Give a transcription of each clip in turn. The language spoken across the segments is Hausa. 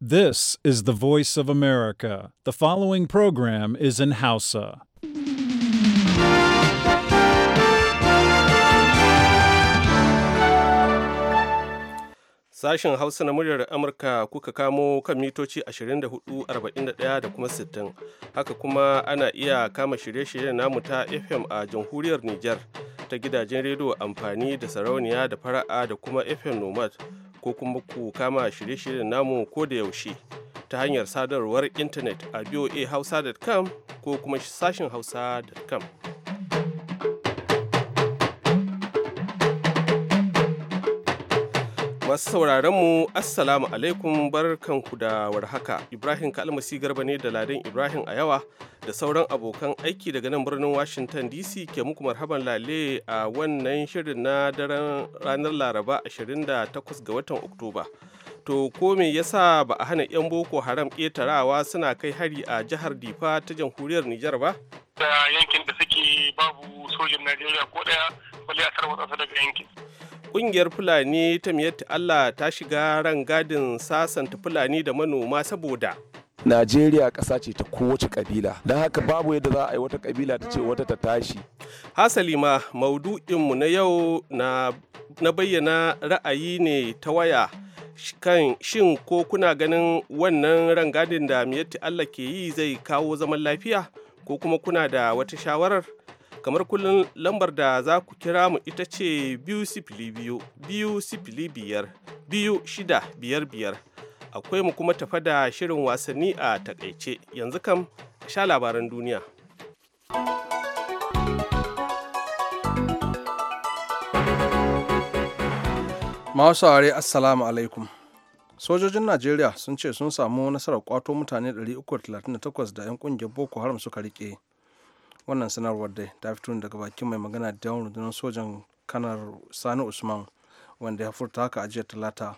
This is the voice of America. The following program is in Hausa. Sashen Hausa na muryar Amurka kuka kamo kan mitoci 24,41 da kuma 60. Haka kuma ana iya kama shirye-shiryen namu ta FM a jamhuriyar Nijar ta gidajen rediyo amfani da sarauniya da fara'a da kuma FM Nomad. ko kuma ku kama shirye-shiryen namu ko da yaushe ta hanyar sadarwar intanet a voahausa.com ko kuma sashin hausa.com. Masu sauraron mu Assalamu alaikum barkanku da warhaka. Ibrahim Kalmasi Garba ne da Ladan Ibrahim a yawa da sauran abokan aiki daga nan birnin Washington DC ke muku marhaban lale a wannan shirin na daren ranar Laraba 28 ga watan Oktoba. To ko me yasa ba a hana 'yan Boko Haram ƙetarawa suna kai hari a jihar Difa ta jamhuriyar Nijar ba? Da yankin da suke babu sojin Najeriya ko daya bale a tarwatsa daga yankin. Ƙungiyar Fulani ta miyatta Allah ta shiga rangadin sasanta Fulani da manoma saboda Najeriya ƙasa ce ta kowace ƙabila, don haka babu yadda za a yi wata ƙabila ta ce wata ta tashi. Hasali ma maudu'inmu na yau na bayyana ra'ayi ne ta waya. kan shin ko kuna ganin wannan rangadin da miyatti Allah ke yi zai kawo zaman lafiya ko kuma kuna da wata shawarar kamar kullum lambar da za ku kira mu ita ce biyu sifili biyu biyu sifili biyar biyu shida biyar biyar akwai mu kuma tafa da shirin wasanni a takaice yanzu kam sha labaran duniya masu assalamu alaikum sojojin najeriya sun ce sun samu nasarar kwato mutane 338 da 'yan kungiyar boko haram suka rike wannan sanarwar dai ta fito daga bakin mai magana da yawon rundunar sojan kanar sani usman wanda ya furta haka a jiya talata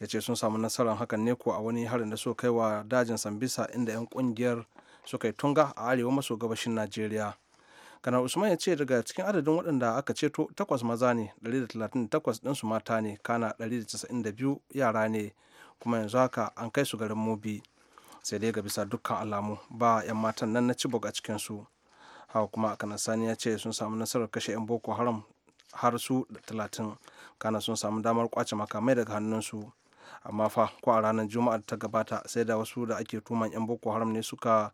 ya ce sun samu nasarar hakan ne ko a wani harin da suka kai wa dajin sambisa inda 'yan kungiyar suka yi tunga a arewa maso gabashin najeriya kanar usman ya ce daga cikin adadin waɗanda aka ceto takwas maza ne 138 ɗinsu mata ne kana 192 yara ne kuma yanzu haka an kai su garin mobi sai dai ga bisa dukkan alamu ba 'yan matan nan na cibok a cikinsu haka kuma a kanan sani ya ce sun samu nasarar kashe 'yan boko haram har su da talatin kana sun samu damar kwace makamai daga hannunsu amma fa ko a ranar juma'ar ta gabata sai da wasu da ake tuman 'yan boko haram ne suka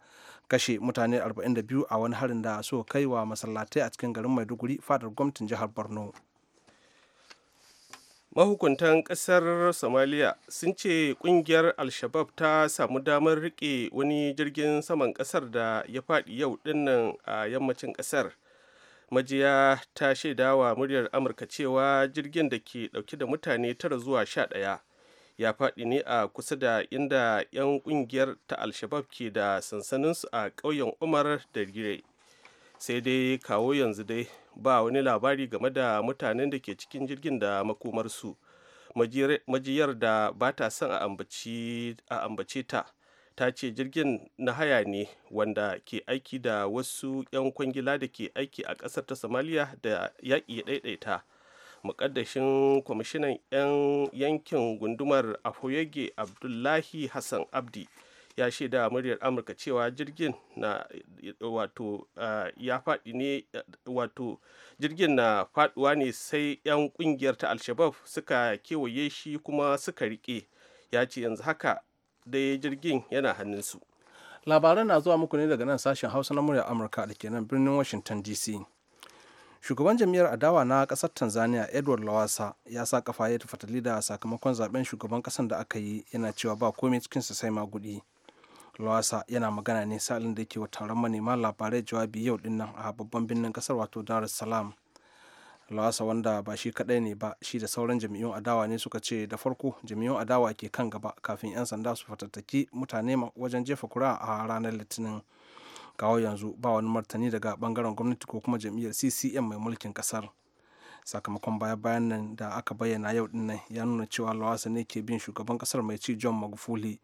kashe mutane 42 a wani harin da so kai wa masallatai a cikin garin maiduguri fadar gwamnatin jihar borno mahukuntan kasar somaliya sun ce kungiyar al-shabab ta samu damar rike wani jirgin saman kasar da ya faɗi yau dinnan a yammacin kasar majiya ta shaidawa muryar amurka cewa jirgin da ke dauke da mutane tara zuwa sha ɗaya ya faɗi ne a kusa da inda 'yan kungiyar ta al-shabab ke da sansaninsu a ƙauyen umar da gire sai dai kawo yanzu dai ba wani labari game da mutanen da ke cikin jirgin da makomarsu majiyar da ba ta son a ambace ta ta ce jirgin na haya ne wanda ke aiki da wasu 'yan kwangila da ke aiki a ƙasar ta somaliya da yaƙi ɗaiɗaita muƙaddashin kwamishinan 'yan yankin gundumar afoyage abdullahi hassan abdi ya shaida muryar amurka cewa jirgin na wato ya faɗi ne wato jirgin na faɗuwa ne sai 'yan ƙungiyar ta alshabab suka kewaye shi kuma suka rike ya ce yanzu haka dai jirgin yana hannun su. labaran na zuwa muku ne daga nan sashen hausa na muryar amurka da ke nan birnin washington dc shugaban jam'iyyar adawa na kasar tanzania edward lawasa ya sa kafa ya fatali da sakamakon zaben shugaban kasar da aka yi yana cewa ba komai cikinsa sai ma guɗi lawasa yana magana ne salin da ke wa taron manema labarai jawabi yau din nan a babban birnin kasar wato dar es salaam lawasa wanda ba shi kadai ne ba shi da sauran jami'un adawa ne suka ce da farko jami'un adawa ke kan gaba kafin 'yan sanda su fatattaki mutane wajen jefa kura a ranar litinin kawo yanzu ba wani martani daga bangaren gwamnati ko kuma jam'iyyar ccm mai mulkin kasar sakamakon baya bayan nan da aka bayyana yau din nan ya nuna cewa lawasa ne ke bin shugaban kasar mai ci john magufuli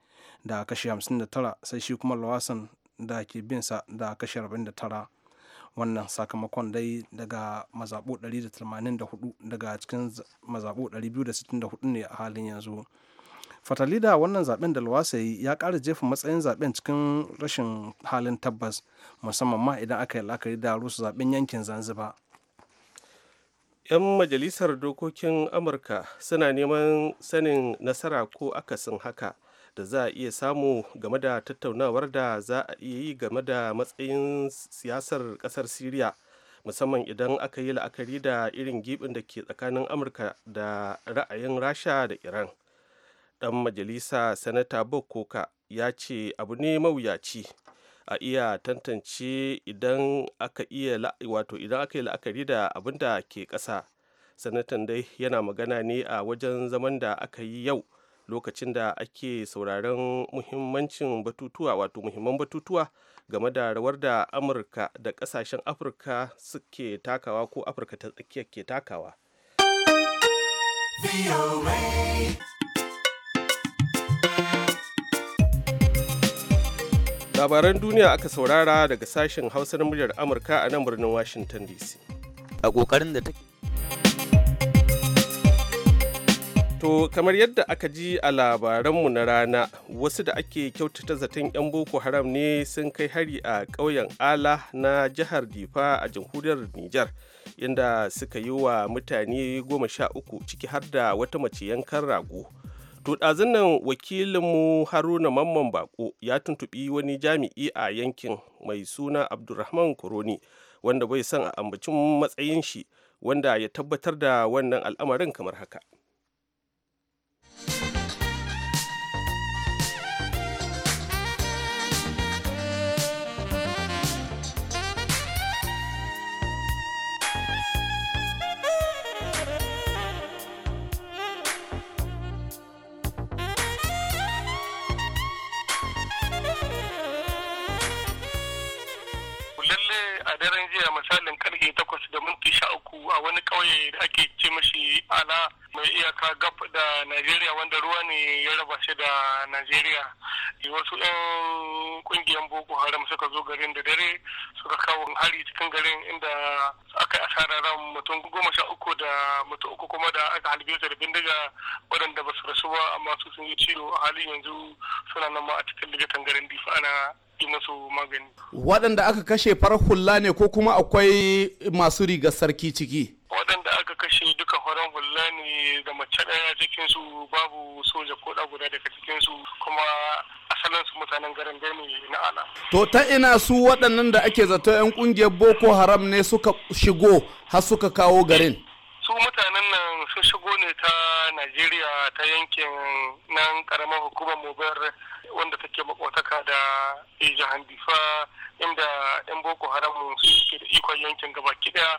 da kashi 59 sai shi kuma lawasan da ke bin sa da kashi 49 wannan sakamakon dai daga mazaɓu 184 daga cikin mazaɓu 264 ne a halin yanzu fatalida wannan zaben da lawasa yi ya kara jefa matsayin zaben cikin rashin halin tabbas musamman ma idan aka yi la'akari da rusu zaben yankin zanzibar 'yan majalisar dokokin amurka suna neman sanin nasara ko akasin haka da za a iya samu game da tattaunawar da za a iya yi game da matsayin siyasar kasar syria musamman idan aka yi la'akari da irin gibin da ke tsakanin amurka da ra'ayin rasha da iran dan majalisa sanata bob koka ya ce abu ne mawuyaci a iya tantance idan aka iya wato idan aka yi la'akari da abin da ke ƙasa sanatan dai yana magana ne a wajen zaman da aka yi yau lokacin da ake sauraron muhimmancin batutuwa wato muhimman batutuwa game da rawar da amurka da ƙasashen afirka suke takawa ko afirka ta tsakiya ke takawa labaran duniya aka saurara daga sashen hausa na muryar amurka a nan birnin washington dc a kokarin da take To kamar yadda aka ji a labaranmu na rana wasu da ake kyautata zaton 'yan boko haram ne sun kai hari a ƙauyen ala na jihar difa a jamhuriyar Nijar inda suka yi wa mutane goma sha uku ciki har da wata mace yankan rago To ɗazun nan wakilinmu Haruna Mamman Bako ya tuntuɓi wani jami'i a yankin mai suna Abdulrahman Kuroni wanda bai son a ambacin matsayin shi wanda ya tabbatar da wannan al'amarin kamar haka. kwanaki sha uku a wani kauye da ake ce mashi ala mai iyaka gab da najeriya wanda ruwa ne ya raba shi da najeriya wasu 'yan ƙungiyar boko haram suka zo garin da dare suka kawo hari cikin garin inda aka yi asara ran mutum goma sha uku da mutum uku kuma da aka halbe su da bindiga waɗanda ba su rasu ba amma su sun yi ciwo a halin yanzu suna nan ma a cikin ligatan garin difa ana yi masu magani. Waɗanda aka kashe farar hula ne ko kuma akwai masu riga sarki ciki? Waɗanda aka kashe duka farar hula ne da mace ɗaya cikinsu babu soja ko guda daga cikinsu kuma asalinsu mutanen garin ne na ala. To ta ina su waɗannan da ake zato 'yan ƙungiyar Boko Haram ne suka shigo har suka kawo garin? su mutanen nan sun shigo ne ta najeriya ta yankin nan karamar hukumar mobar wanda take makwataka da jihar difa inda yan boko haram suke da ikon yankin gaba daya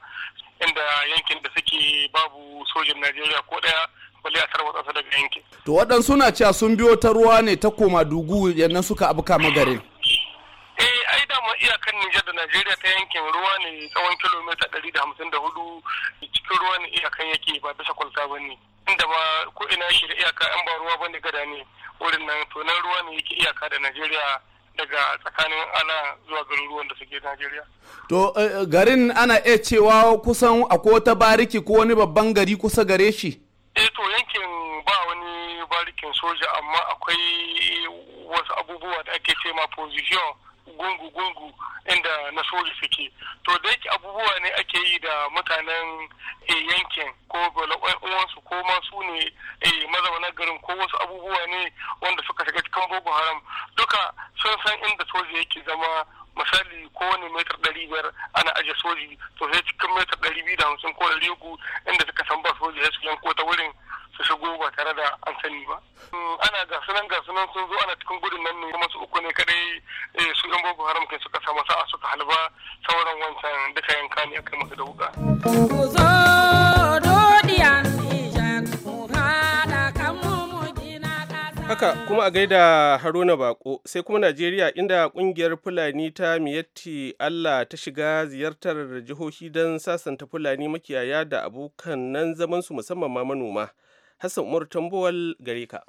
inda yankin da suke babu sojin najeriya ko ɗaya bali a tarwatsa daga yankin to waɗansu na cewa sun biyo ta ruwa ne ta koma dugu yannan suka abuka magarin eh ai mu iyakan Nijar da Najeriya ta yankin ruwa ne tsawon kilomita ɗari da cikin ruwa ne iyakan yake ba bisa kwalta ba ne inda ba ko ina shi da iyaka an ba ruwa bane gada ne wurin nan to nan ruwa ne yake iyaka da Najeriya daga tsakanin ana zuwa garuruwan da suke Najeriya. To eh, eh, garin ana iya cewa kusan akwai wata bariki ko wani babban gari kusa gare shi? Eh to yankin ba wani barikin soja amma akwai wasu abubuwa da ake cewa position gungu-gungu inda na soji suke to da yake abubuwa ne ake yi da mutanen eh, yankin ko uwansu ko masu ne eh, mazaunan garin ko wasu abubuwa ne wanda suka shiga cikin boko haram duka sun san inda soja yake zama misali kowane metar ɗari biyar ana aje soji to sai cikin metar ɗari biyu da hamsin ko ɗari uku inda suka san ba soji sai su yanko ta wurin su shigo ba tare da an sani ba. Mm, ana gasunan gasunan sun zo ana cikin gudun nan ne kuma su uku ne kadai eh, su yan boko haram kai suka samu sa'a suka halba sauran wancan duka yanka ne aka masu da wuka. haka kuma a gaida haruna bako sai kuma najeriya inda kungiyar fulani ta miyatti allah ta shiga ziyartar jihohi don sasanta fulani makiyaya da abokan nan zamansu musamman ma manoma hassan umar tambowal gare ka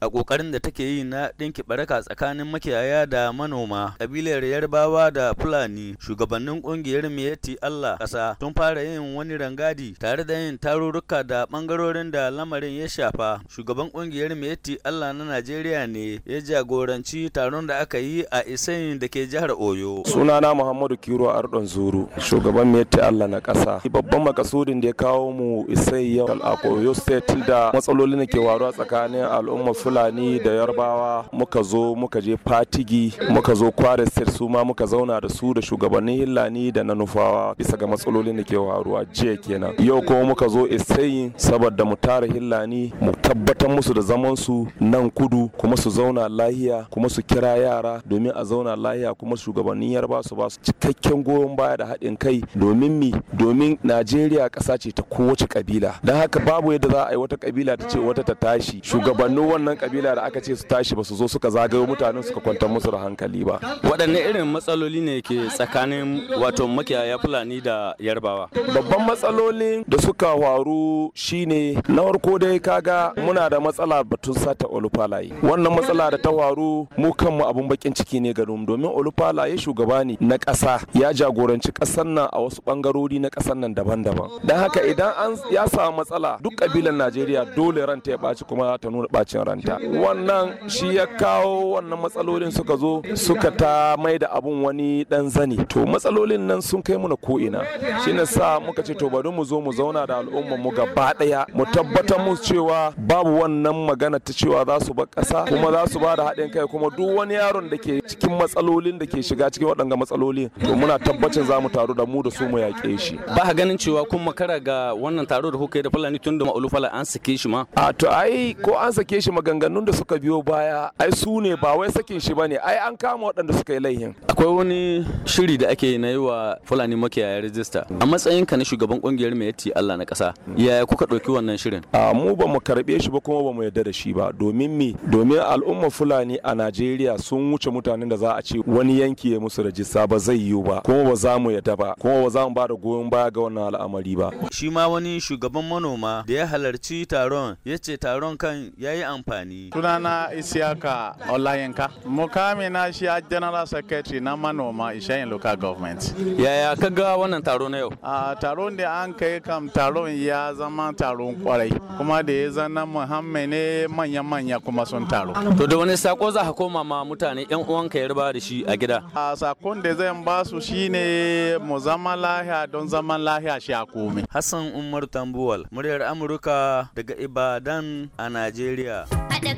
a ƙoƙarin da take yi na ɗinki baraka tsakanin makiyaya da manoma ƙabilar yarbawa da fulani shugabannin ƙungiyar miyati allah kasa tun fara yin wani rangadi tare da yin tarurruka da ɓangarorin da lamarin ya shafa shugaban ƙungiyar miyati allah na najeriya ne ya jagoranci taron da aka yi a isayin da ke jihar oyo sunana muhammadu kiro ardon zuru shugaban miyati allah na ƙasa babban makasudin da ya kawo mu isai yau a oyo state da matsalolin da ke waruwa tsakanin al'umma fulani da yarbawa muka zo muka je fatigi muka zo kware state su ma muka zauna da su da shugabannin hillani da na nufawa bisa ga matsalolin da ke waruwa jiya kenan yau kuma muka zo isayin saboda mu tara hillani mu tabbatar musu da zaman su nan kudu kuma su zauna lahiya kuma su kira yara domin a zauna lahiya kuma shugabannin yarba su ba su cikakken goyon baya da haɗin kai domin mi domin najeriya ƙasa ce ta kowace kabila don haka babu yadda za a yi wata kabila ta ce wata ta tashi shugabannin wannan kabila da aka ce su tashi ba su zo suka zagayo mutanen suka kwantar musu da hankali ba waɗanne irin matsaloli ne ke tsakanin wato makiyaya fulani da yarbawa babban matsaloli da suka faru shine na farko dai kaga muna da matsala batun sata olufalaye wannan matsala da ta waru mu kanmu abun bakin ciki ne ga domin olufalaye shugaba ne na ƙasa ya jagoranci ƙasar nan a wasu ɓangarori na ƙasar nan daban-daban don haka idan an ya samu matsala duk ƙabilar najeriya dole ranta ya ɓaci kuma ta nuna ɓacin ranta ta wannan shi ya kawo wannan matsalolin suka zo suka ta mai da abun wani dan zani to matsalolin nan sun kai muna ko ina shi ne sa muka ce to bari mu zo mu zauna da al'umma mu gaba daya mu tabbatar mu cewa babu wannan magana ta cewa za su ba ƙasa kuma za su ba da haɗin kai kuma duk wani yaron da ke cikin matsalolin da ke shiga cikin waɗanga matsaloli to muna tabbacin za mu taru da mu da su mu yaƙe shi ba ka ganin cewa kun makara ga wannan taro da kuka yi da fulani tun da ma'ulufala an sake shi ma a to ai ko an sake shi magana maganganun da suka biyo baya ai su ne ba wai sakin shi bane ai an kama waɗanda suka yi laihin akwai wani shiri da ake na yi wa fulani makiyaya rajista a matsayin ka na shugaban kungiyar mai yatti Allah na ƙasa yaya kuka ɗauki wannan shirin a mu ba mu karɓe shi ba kuma ba mu yarda da shi ba domin me domin al'umma fulani a Najeriya sun wuce mutanen da za a ce wani yanki ya musu rajista ba zai yiwu ba kuma ba za mu yarda ba kuma ba za mu ba da goyon baya ga wannan al'amari ba shi ma wani shugaban manoma da ya halarci taron ya ce taron kan ya yi amfani Fulani. Sunana isiaka Olayenka. Mukami na shi a General Secretary na manoma Ishayin Local Government. Yaya ka ga wannan taro na yau? A taron da an kai kam taron ya zama taron kwarai kuma da ya zana Muhammad ne manya-manya kuma sun taro. To da wani sako za ka koma ma mutane yan uwanka ya riba da shi a gida? A sakon da zan ba su shine mu zama lahiya don zaman lahiya shi a komai. Hassan Umar Tambuwal, muryar Amurka daga Ibadan a Najeriya. haɗa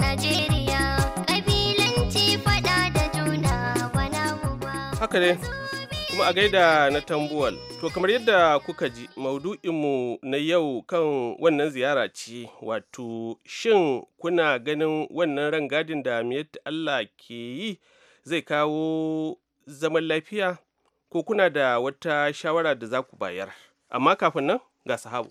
Najeriya kabilanci faɗa da juna Haka ne, kuma a gaida na tambuwal. To kamar yadda kuka ji maudu'inmu na yau kan wannan ziyara ce wato shin kuna ganin wannan rangadin da miyatta Allah ke yi zai kawo zaman lafiya ko kuna da wata shawara da za ku bayar. Amma kafin nan ga sahabu.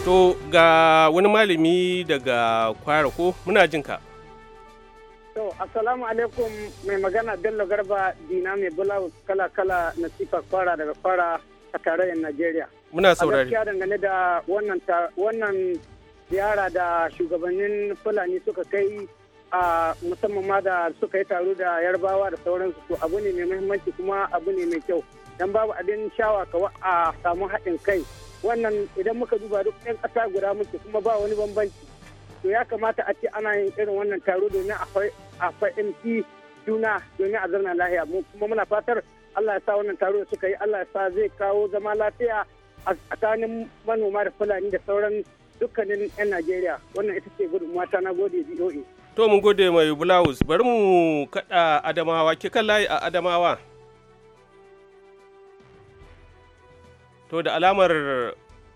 To ga wani malami daga kwara ko muna jin ka. To assalamu alaikum mai magana Bello Garba Dina mai bulawu kala-kala na sifa kwara daga kwara a tarayyar Najeriya. Muna saurari. A dangane da wannan ziyara da shugabannin Fulani suka kai a musamman ma da suka yi taro da yarbawa da sauransu to abu ne mai muhimmanci kuma abu ne mai kyau. Dan babu abin shawa kawa a samu haɗin kai wannan idan muka duba duk ɗan ƙasa guda muke kuma ba wani bambanci to ya kamata a ce ana yin irin wannan taro domin a fahimci juna domin a zauna lahiya kuma muna fatar Allah ya sa wannan taro da suka yi Allah ya sa zai kawo zama lafiya a tsakanin manoma da fulani da sauran dukkanin 'yan Najeriya wannan ita ce gudun mata na gode DOA. To mun gode mai Bulawus bari mu kaɗa Adamawa ke kan layi a Adamawa. to da alamar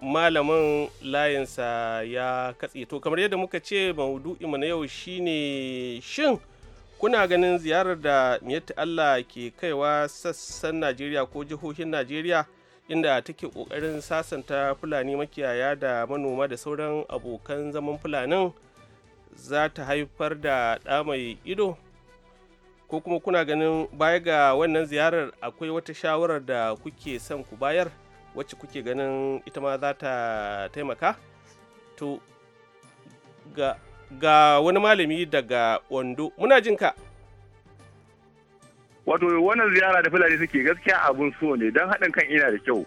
malamin layinsa ya katse to kamar yadda muka ce maudu’i mu na yau shine shin kuna ganin ziyarar da miyatta Allah ke kaiwa sassan Najeriya ko jihohin Najeriya inda take ƙoƙarin sasanta Fulani makiyaya da manoma da sauran abokan zaman Fulanin za ta haifar da ɗa mai ido? Ko kuma kuna ganin baya ga wannan ziyarar akwai wata shawarar da kuke son ku bayar? wacce kuke ganin ita ma za ta taimaka to ga, ga wani malami daga wando muna jin ka wato wannan ziyara da fulani suke gaskiya abun so ne don haɗin kan ina da kyau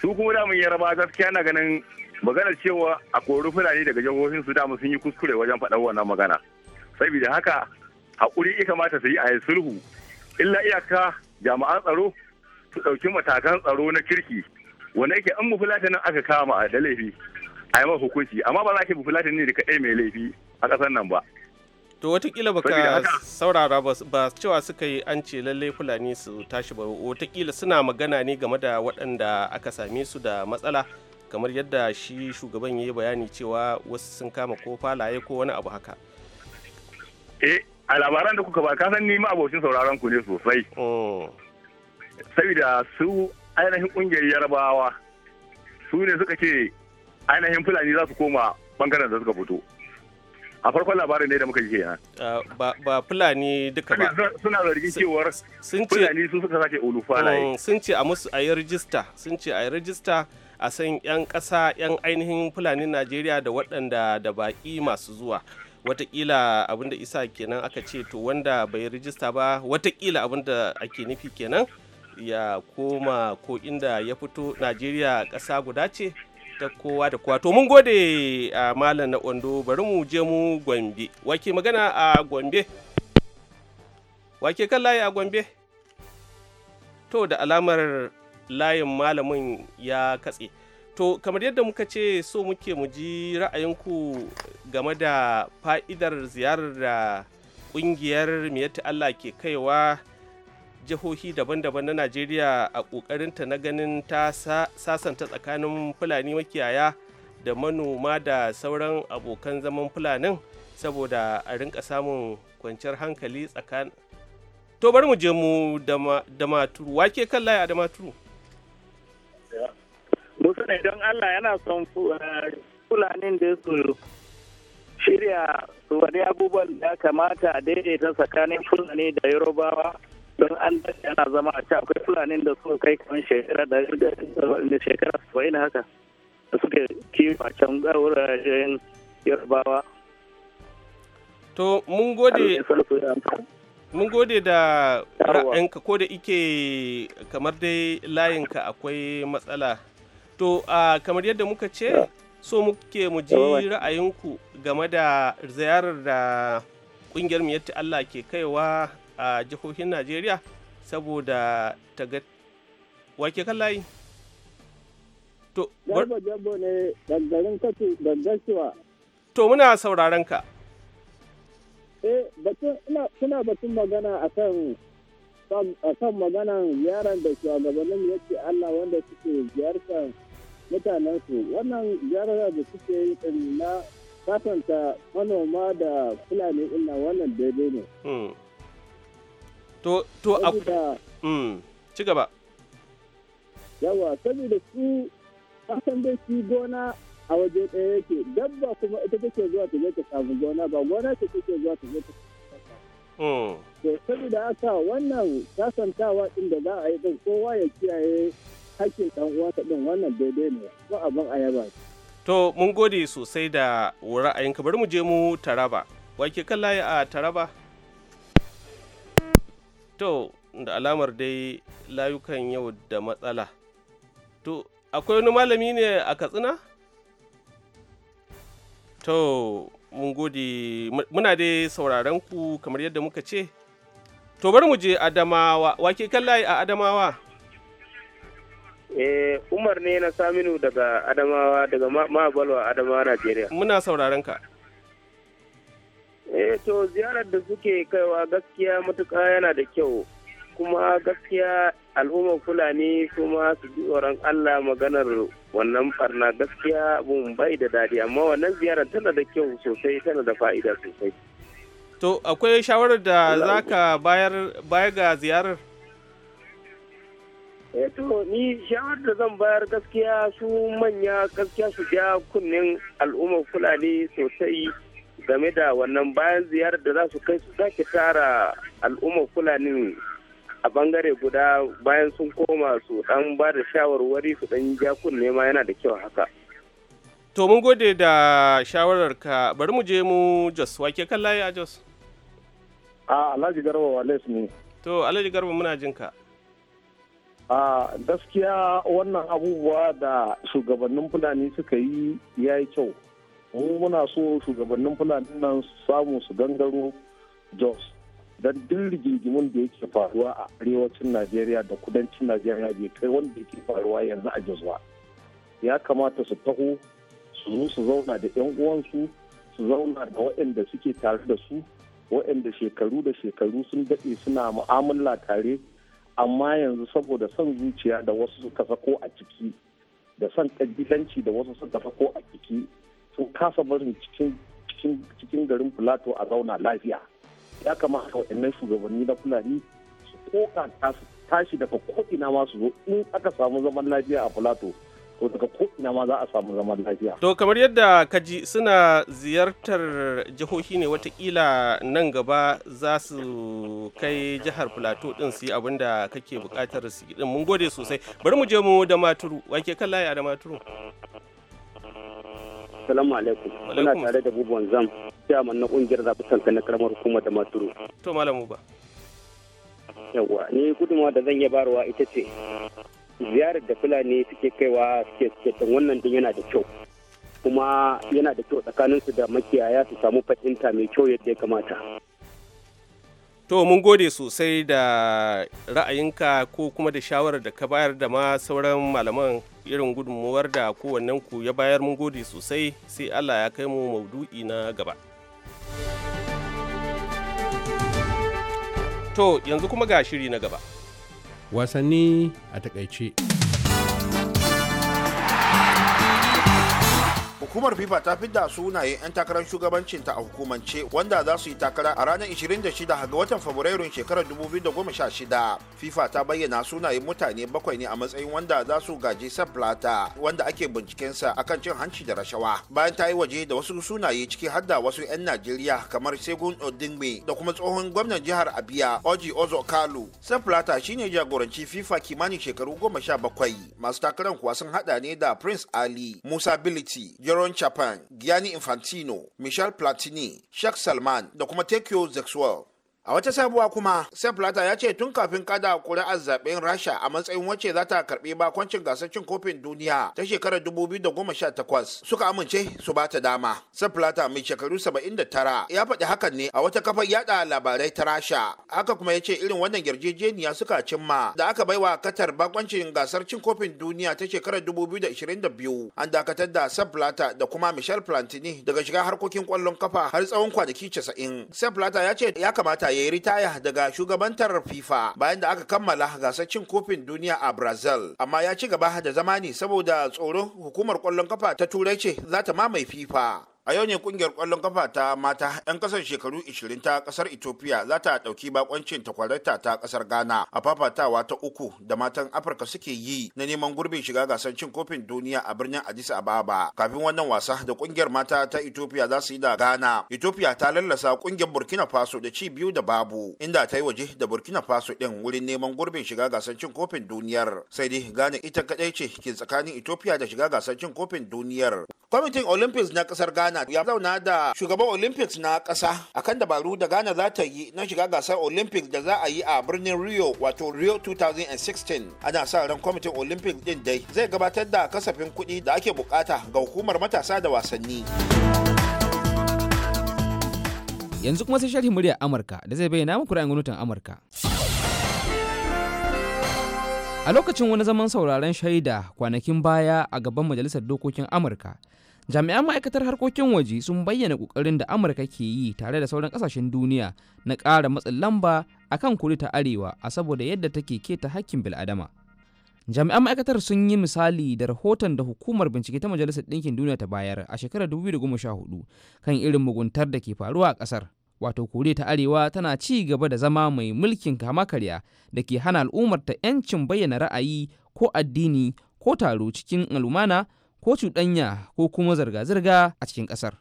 su kuma damun yaraba gaskiya na ganin maganar cewa a kori fulani daga jihohin su damu sun yi kuskure wajen faɗar wannan magana saboda haka haƙuri ya kamata su yi a sulhu illa iyaka jami'an tsaro su ɗauki matakan tsaro na kirki wanda yake an nan aka kama da laifi a yi mafi hukunci amma ba za ka bufulatanin ne da kaɗai mai laifi a ƙasar nan ba. to watakila baka saurara ba cewa suka yi an ce lalle fulani su tashi ba watakila suna magana ne game da waɗanda aka same su da matsala kamar yadda shi shugaban ya yi bayani cewa wasu sun kama ko falaye ko wani abu haka eh a labaran da kuka ba ka san ni ma abokin sauraron ku ne sosai oh. saboda su ainihin kungiyar yarbawa su ne suka ce ainihin fulani za su koma bangaren da suka fito a farkon labarin ne da muka yi kenan ba fulani duka ba suna zargin cewar fulani su suka sake yi mm, sun ce a musu a yi rajista sun ce a yi rajista a san 'yan ƙasa 'yan ainihin fulani najeriya da waɗanda da baƙi masu zuwa watakila abinda isa kenan aka ce to wanda bai rijista ba watakila abinda ake nufi kenan ya koma ko inda ya fito najeriya ƙasa guda ce ta kowa da kowa to mun gode a malam na ondo bari mu je mu gombe wake magana a gombe wake kan layi a gombe to da alamar layin malamin ya katse to kamar yadda muka ce so muke mu ji ra'ayinku game da fa'idar ziyarar da ƙungiyar miyatta allah ke kaiwa jihohi daban-daban na najeriya a ta na ganin ta sasanta tsakanin fulani makiyaya da manoma da sauran abokan zaman fulanin saboda a rinka samun kwanciyar hankali tsakanin to bari mu je mu da maturu wake kan laya a da maturu musu ne don allah yana son eh, fulanin da su shirya su wani abubuwan da kamata daidaita tsakanin fulani da yorubawa don an dace ana zama a ci akwai fulani da suka kai kamar shekara da shekara saba'in haka da suke kiwo a can wuraren yarbawa to mun gode mun gode da ra'ayinka ko da ike kamar dai layinka akwai matsala to kamar yadda muka ce so muke mu ji ra'ayinku game da ziyarar da kungiyar yadda Allah ke kaiwa a jihohin najeriya saboda ta ga wake kan layi to ne to muna sauraron ka eh batun ina kuna batun magana akan kan maganan yaran da shugabannin yake Allah wanda suke ziyartar mutanen su wannan ziyarar da suke yi na katanta manoma da fulani ina wannan daidai ne hmm. to to a mm ci gaba yawa saboda su kasan da shi gona a waje ɗaya yake dabba kuma ita take zuwa ta zai ta samu gona ba gona ta take zuwa ta zai ta mm. to saboda haka wannan kasantawa inda za a yi din kowa ya kiyaye hakkin ɗan ta din wannan daidai ne ko abin ayaba to mun gode sosai da ra'ayinka bari mu je mu taraba wake kan layi a taraba to da alamar dai layukan yau da matsala to akwai wani malami ne a katsina to mun gode muna dai sauraron ku kamar yadda muka ce to bari mu je adamawa wake kallaye a adamawa eh umar ne na saminu daga adamawa daga ma adamawa najeriya muna sauraron ka eh to ziyarar da suke kaiwa gaskiya matuƙa yana da kyau kuma gaskiya al'ummar fulani kuma su ji tsoron allah maganar wannan farna gaskiya mun bai da daɗi amma wannan ziyarar tana da kyau sosai tana da fa'ida sosai to akwai shawarar da za ka bayar ga ziyarar eh to ni shawarar da zan bayar gaskiya su manya gaskiya su ja kunnen al'ummar fulani sosai game da wannan bayan ziyarar da za su kai su sake tara al'ummar fulani a bangare guda bayan sun koma su dan ba da shawarwari su dan jakun nema yana da kyau haka to mun gode da shawararka bari mu je mu jos wake kan layi a jos a alhaji garba wales ne to alhaji garba muna jinka a gaskiya wannan abubuwa da shugabannin fulani suka yi ya yi kyau mu muna so shugabannin fulani nan samu su gangaro jos don duk rigingimin da yake faruwa a arewacin najeriya da kudancin najeriya bai kai wanda yake faruwa yanzu a jos ba ya kamata su taho su zo su zauna da 'yan uwansu su zauna da waɗanda suke tare da su waɗanda shekaru da shekaru sun daɗe suna mu'amala tare amma yanzu saboda son zuciya da wasu suka sako a ciki da son ƙabilanci da wasu suka sako a ciki ku kasa barin cikin garin plateau a zauna lafiya ya kamata waɗannan shugabanni na fulani su koka tashi daga ko'ina ma su zo in aka samu zaman lafiya a plateau to daga ko'ina ma za a samu zaman lafiya. To kamar yadda kaji suna ziyartar jihohi ne watakila nan gaba za su kai jihar Plateau din su yi abin da kake bukatar su din mun gode sosai bari mu je mu da maturu wake kan laya da maturu. Assalamu alaikum. Kuna tare da bubuwan zam chairman na kungiyar zaɓukan na karamar hukumar da Maturu. To malamu ba. Yawwa, ni gudunmawa da zan iya barawa ita ce ziyarar da Fulani suke kaiwa suke suke wannan din yana da kyau. Kuma yana da kyau tsakaninsu da makiyaya su samu fahimta mai kyau yadda ya kamata. to mun gode sosai da ra'ayinka ko kuma da shawarar da ka bayar da ma sauran malaman irin gudunmuwar da kowannen ku ya bayar mun gode sosai sai allah ya kai mu maudu'i na gaba to yanzu kuma ga shiri na gaba wasanni a takaice hukumar fifa ta fidda sunayen 'yan takarar shugabancin ta a hukumance wanda za su yi takara a ranar 26 ga watan fabrairun shekarar 2016 fifa ta bayyana sunaye mutane bakwai ne a matsayin wanda za su gaji sep wanda ake bincikensa akan cin hanci da rashawa bayan ta yi waje da wasu sunaye ciki har da wasu 'yan najeriya kamar segun odingbe da kuma tsohon gwamnan jihar abia oji ozo kalu sep shine jagoranci fifa kimanin shekaru 17 masu takarar kuwa sun hada ne da prince ali musa bility Laurent Chapin, Gianni Infantino, Michel Platini, Jacques Salman da kuma Tekyo Zexwell. A wata sabuwa kuma, Seplata ya ce tun kafin kada kuri'ar zaben Rasha a matsayin wacce za ta karɓi bakoncin gasar cin kofin duniya ta shekarar 2018 suka amince su bata ta dama. Seplata mai shekaru 79 ya faɗi hakan ne a wata kafar yada labarai ta Rasha. Haka kuma ya ce irin wannan yarjejeniya suka cimma da aka baiwa Katar bakoncin gasar cin kofin duniya ta shekarar 2022 an dakatar da Seplata da kuma Michel Platini daga shiga harkokin kwallon kafa har tsawon kwanaki 90. Seplata ya ce ya kamata ya yi ritaya daga shugabantar FIFA bayan da aka kammala gasar cin kofin duniya a Brazil. Amma ya ci gaba da zama ne saboda tsoron hukumar kwallon kafa ta turai ce za ta mamaye FIFA. a yau ne kungiyar kwallon kafa ta mata 'yan kasar shekaru 20 ta kasar ethiopia za ta dauki bakoncin takwarata ta kasar ghana a fafatawa ta uku da matan afirka suke yi na neman gurbin shiga gasar cin kofin duniya a birnin addis ababa kafin wannan wasa da kungiyar mata ta ethiopia za su yi da ghana ethiopia ta lallasa kungiyar burkina faso da ci biyu da babu inda ta yi waje da burkina faso din wurin neman gurbin shiga gasar cin kofin duniyar sai dai ghana ita kadai ce ke tsakanin ethiopia da shiga gasar cin kofin duniyar kwamitin olympics na kasar ghana ghana ya zauna da shugaban olympics na ƙasa akan dabaru da ghana za ta yi na shiga gasar olympics da za a yi a birnin rio wato rio 2016 ana sa ran kwamitin olympics din dai zai gabatar da kasafin kuɗi da ake bukata ga hukumar matasa da wasanni yanzu kuma sai sharhin muryar amurka da zai bayyana muku ra'ayin gwamnatin amurka a lokacin wani zaman sauraren shaida kwanakin baya a gaban majalisar dokokin amurka jami'an ma'aikatar harkokin waje sun bayyana kokarin da amurka ke yi tare da sauran kasashen duniya na ƙara matsin lamba a kan kuri ta arewa a saboda yadda take keta hakkin bil'adama jami'an ma'aikatar sun yi misali da rahoton da hukumar bincike ta majalisar ɗinkin duniya ta bayar a shekarar 2014 kan irin muguntar da ke faruwa a ƙasar wato kore ta arewa tana ci gaba da zama mai mulkin kama karya da ke hana al'ummar ta 'yancin bayyana ra'ayi ko addini ko taro cikin alumana ko cuɗanya ko kuma zirga-zirga a cikin ƙasar.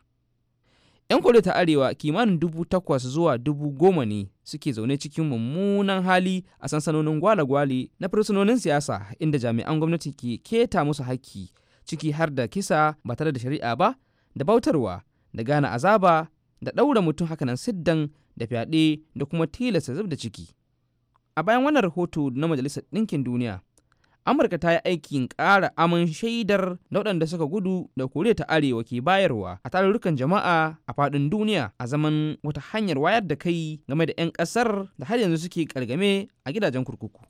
'Yan Koriya ta Arewa kimanin dubu takwas zuwa dubu goma ne suke zaune cikin mummunan hali a sansanonin gwale-gwale na fursunonin siyasa inda jami'an gwamnati ke keta musu haƙƙi ciki har da kisa ba tare da shari'a ba da bautarwa da gane azaba da ɗaura mutum hakanan siddan da fyaɗe da kuma tilasta zub da ciki. A bayan wannan rahoto na Majalisar Ɗinkin Duniya, amurka ta yi aikin ƙara aman shaidar na waɗanda suka gudu da koriya ta arewa ke bayarwa a tarurrukan jama'a a faɗin duniya a zaman wata hanyar wayar da kai game da 'yan ƙasar da har yanzu suke ƙargame a gidajen kurkuku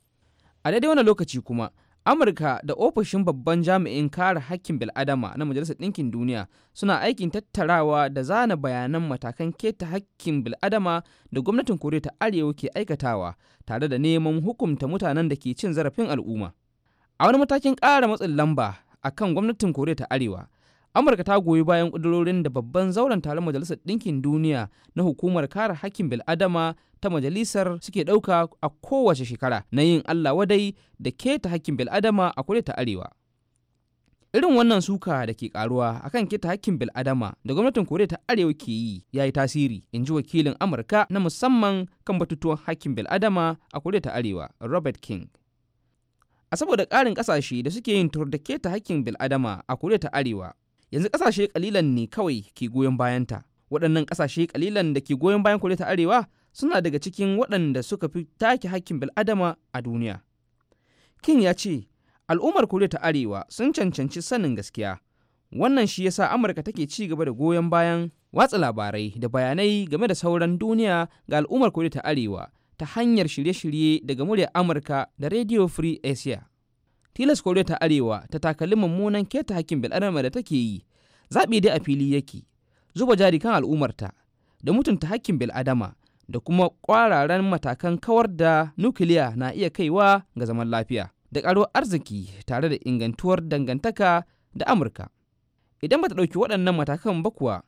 a daidai wani lokaci kuma amurka da ofishin babban jami'in kare hakkin bil'adama na majalisar ɗinkin duniya suna aikin tattarawa da zana bayanan matakan keta hakkin bil'adama da gwamnatin koriya ta arewa ke aikatawa tare da neman hukunta mutanen da ke cin zarafin al'umma a wani matakin ƙara matsin lamba a kan gwamnatin koriya ta arewa amurka ta goyi bayan ƙudurorin da babban zauren taron majalisar ɗinkin duniya na hukumar kare hakkin bil'adama ta majalisar suke ɗauka a kowace shekara na yin allah wadai da keta hakkin bil'adama a koriya ta arewa irin wannan suka da ke karuwa akan keta hakkin bil'adama da gwamnatin koriya ta arewa ke yi ya yi tasiri in ji wakilin amurka na musamman kan batutuwan hakkin bil'adama a koriya ta arewa robert king a saboda ƙarin ƙasashe da suke yin turdake ta hakkin bil'adama a koriya ta arewa yanzu ƙasashe kalilan ne kawai ke goyon bayanta waɗannan ƙasashe kalilan da ke goyon bayan koriya ta arewa suna daga cikin waɗanda suka fi take hakkin bil'adama a duniya kin ya ce al'ummar koriya ta arewa sun cancanci sanin gaskiya wannan shi yasa amurka take ci gaba da goyon bayan watsa labarai da bayanai game da sauran duniya ga al'ummar koriya ta arewa ta hanyar shirye-shirye daga murya Amurka da Radio Free Asia. Tilas Koriya ta Arewa ta takalli mummunan keta hakkin bil'adama da take yi, zaɓi dai a fili yake, zuba jari kan al'ummarta da mutunta hakkin bil'adama da kuma ƙwararan matakan kawar da nukiliya na iya kaiwa ga zaman lafiya da ƙaro arziki tare da ingantuwar dangantaka da Amurka. Idan ba ta ɗauki waɗannan matakan ba kuwa,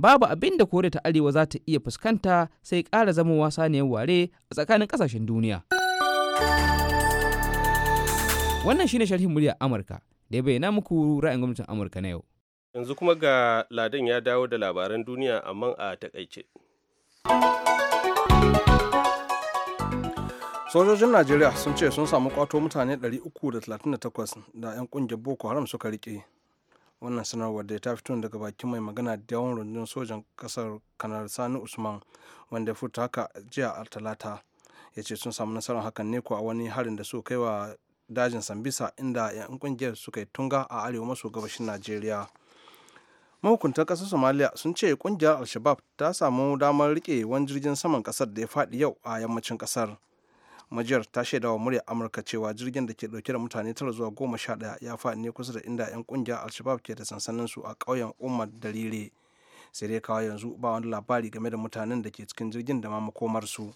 babu abin da koriya ta arewa za ta iya fuskanta sai kara ƙara zamowa saniyar ware a tsakanin kasashen duniya wannan shine sharhin murya amurka da ya bayyana muku ra'ayin gwamnatin amurka na yau yanzu kuma ga ladan ya dawo da labaran duniya amma a takaice sojojin najeriya sun ce sun samu kwato mutane 338 da 'yan kungiyar boko haram suka rike wannan sanarwar da ta fito daga bakin mai magana da yawan rundunar sojan kasar kanar sani usman wanda ya furta haka jiya a talata ya ce sun samu nasarar hakan ne ko a wani harin da su kai wa dajin sambisa inda 'yan kungiyar suka yi tunga a arewa maso gabashin najeriya mahukuntar ƙasar somalia sun ce kungiyar al-shabab ta samu damar rike wani jirgin saman ƙasar da ya faɗi yau a yammacin ƙasar majiyar ta shaida wa murya amurka cewa jirgin da ke dauke da mutane tara zuwa goma sha daya ya faɗi ne kusa da inda 'yan kungiyar alshabab ke da sansanin su a ƙauyen umar dalire sai dai kawai yanzu ba wani labari game da mutanen da ke cikin jirgin da ma makomar su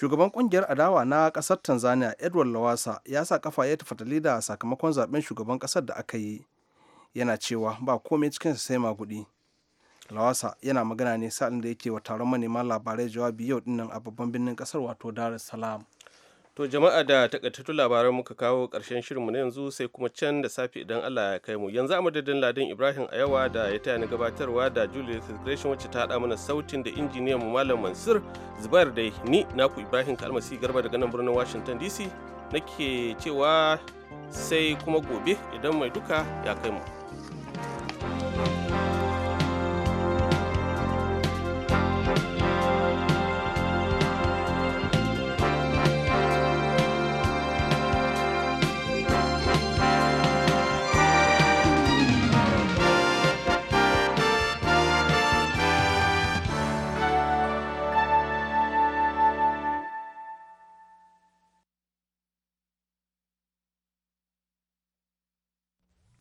shugaban kungiyar adawa na kasar tanzania edward lawasa ya sa kafa ya tafi da sakamakon zaben shugaban kasar da aka yi yana cewa ba komai cikin sai maguɗi lawasa yana magana ne sa'in da yake wa taron manema labarai jawabi yau dinnan a babban birnin kasar wato dar es salaam To jama'a da takaitattun labaran muka kawo ƙarshen shirinmu na yanzu sai kuma can da safe idan Allah ya kai mu. Yanzu a madadin Ladin Ibrahim a da ya taya ni gabatarwa da Julius Gresham wacce ta haɗa mana sautin da injiniyan mu Malam Mansur Zubair da ni naku Ibrahim Kalmasi Garba daga nan birnin Washington DC nake cewa sai kuma gobe idan mai duka ya kai mu.